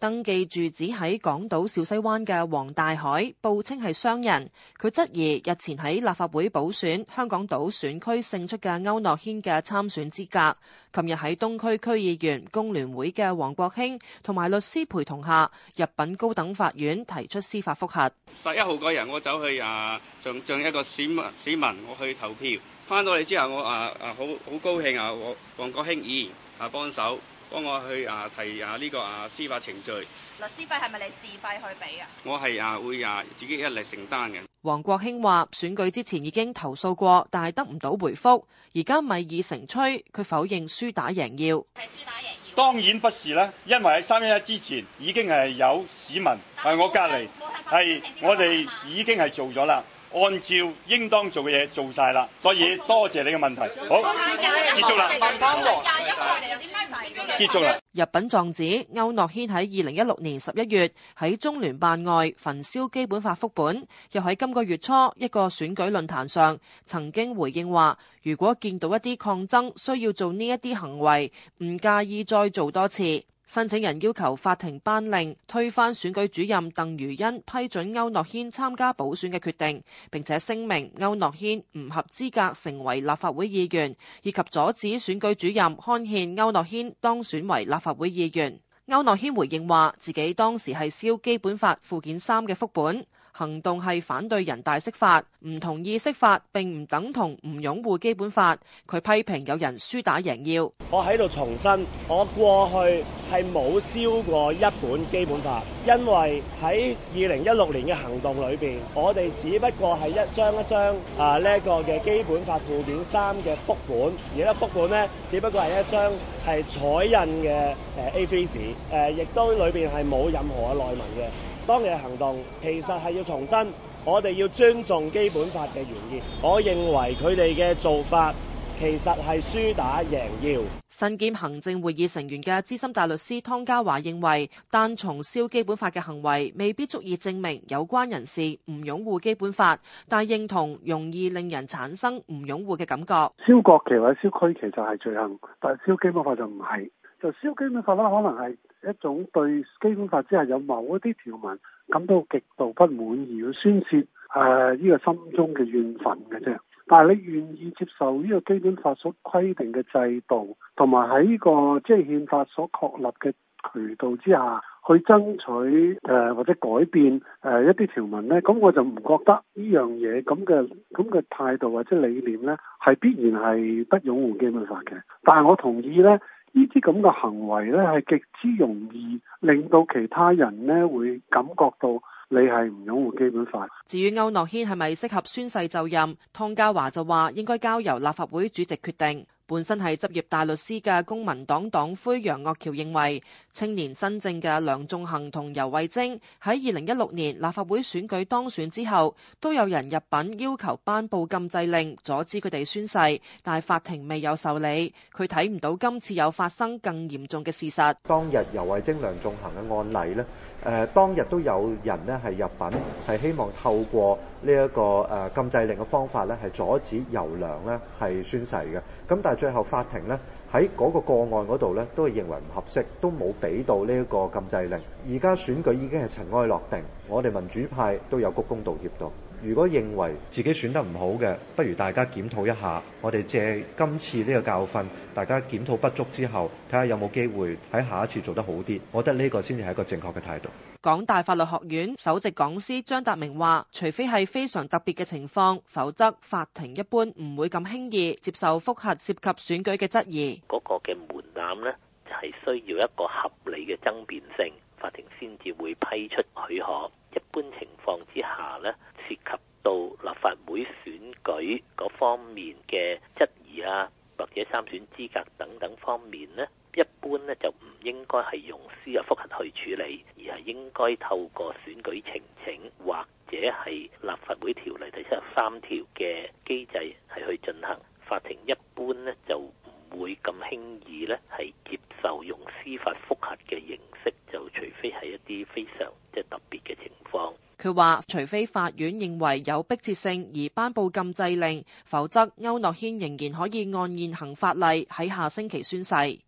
登記住址喺港島小西灣嘅黃大海，報稱係商人。佢質疑日前喺立法會補選香港島選區勝出嘅區諾軒嘅參選資格。琴日喺東區區議員工聯會嘅王國興同埋律師陪同下，入稟高等法院提出司法覆核。十一號嗰日我走去啊，像像一個市民市民我去投票，翻到嚟之後我啊啊好好高興啊，王王國興議員啊幫手。幫我去啊提啊呢個啊司法程序，律師費係咪你自費去俾啊？我係啊會啊自己一力承擔嘅。王國興話：選舉之前已經投訴過，但係得唔到回覆，而家咪以城吹。佢否認輸打贏要，係輸打贏要，當然不是啦，因為喺三一一之前已經係有市民喺我隔籬，係我哋已經係做咗啦。按照應當做嘅嘢做晒啦，所以、嗯、多謝你嘅問題。好，結束啦，結束啦。結束了。入稟狀紙，區諾軒喺二零一六年十一月喺中聯辦外焚燒基本法副本，又喺今個月初一個選舉論壇上曾經回應話：如果見到一啲抗爭需要做呢一啲行為，唔介意再做多次。申請人要求法庭頒令推翻選舉主任鄧如欣批准區諾軒參加補選嘅決定，並且聲明區諾軒唔合資格成為立法會議員，以及阻止選舉主任刊憲區諾軒當選為立法會議員。區諾軒回應話，自己當時係燒基本法附件三嘅副本。行動係反對人大釋法，唔同意釋法並唔等同唔擁護基本法。佢批評有人輸打贏要。我喺度重申，我過去係冇燒過一本基本法，因為喺二零一六年嘅行動裏邊，我哋只不過係一張一張啊呢一、這個嘅基本法附件三嘅副本，而呢副本呢，只不過係一張係彩印嘅誒 A4 紙，誒、啊、亦都裏邊係冇任何嘅內文嘅。當日行動其實係。重申，我哋要尊重基本法嘅原意。我認為佢哋嘅做法其實係輸打贏要。身兼行政會議成員嘅資深大律師湯家驊認為，單從燒基本法嘅行為未必足以證明有關人士唔擁護基本法，但認同容易令人產生唔擁護嘅感覺。燒國旗或者燒區旗就係罪行，但燒基本法就唔係。就燒基本法啦，可能係一種對基本法之下有某一啲條文感到極度不滿意嘅宣洩，誒，呢個心中嘅怨憤嘅啫。但係你願意接受呢個基本法所規定嘅制度，同埋喺呢個即係憲法所確立嘅渠道之下去爭取誒，或者改變誒，一啲條文咧，咁我就唔覺得呢樣嘢咁嘅咁嘅態度或者理念咧，係必然係不擁護基本法嘅。但係我同意咧。呢啲咁嘅行為咧，係極之容易令到其他人咧，會感覺到你係唔擁護基本法。至於區諾軒係咪適合宣誓就任，湯家驊就話應該交由立法會主席決定。本身係執業大律師嘅公民黨黨魁楊岳橋認為，青年新政嘅梁頌恆同游蕙禎喺二零一六年立法會選舉當選之後，都有人入稟要求頒布禁制令阻止佢哋宣誓，但係法庭未有受理。佢睇唔到今次有發生更嚴重嘅事實。當日游蕙禎、梁頌恆嘅案例呢，誒、呃、當日都有人呢係入稟，係希望透過呢、這、一個誒、呃、禁制令嘅方法呢，係阻止游梁呢係宣誓嘅。咁但係。最後法庭咧喺嗰個個案嗰度咧都係認為唔合適，都冇俾到呢一個禁制令。而家選舉已經係塵埃落定，我哋民主派都有鞠躬道歉到。如果認為自己選得唔好嘅，不如大家檢討一下。我哋借今次呢個教訓，大家檢討不足之後，睇下有冇機會喺下一次做得好啲。我覺得呢個先至係一個正確嘅態度。港大法律學院首席講師張達明話，除非係非常特別嘅情況，否則法庭一般唔會咁輕易接受覆核涉及選舉嘅質疑。嗰個嘅門檻呢，就係需要一個合理嘅爭辯性，法庭先至會批出許可。一般情況之下呢，涉及到立法會選舉嗰方面嘅質疑啊，或者參選資格等等方面呢，一般呢就唔應該係用司法覆核去處理，而係應該透過選舉呈請或者係立法會條例第七十三條嘅機制係去進行。法庭一般呢就唔會咁輕易呢係。佢話：除非法院認為有迫切性而頒布禁制令，否則區諾軒仍然可以按現行法例喺下星期宣誓。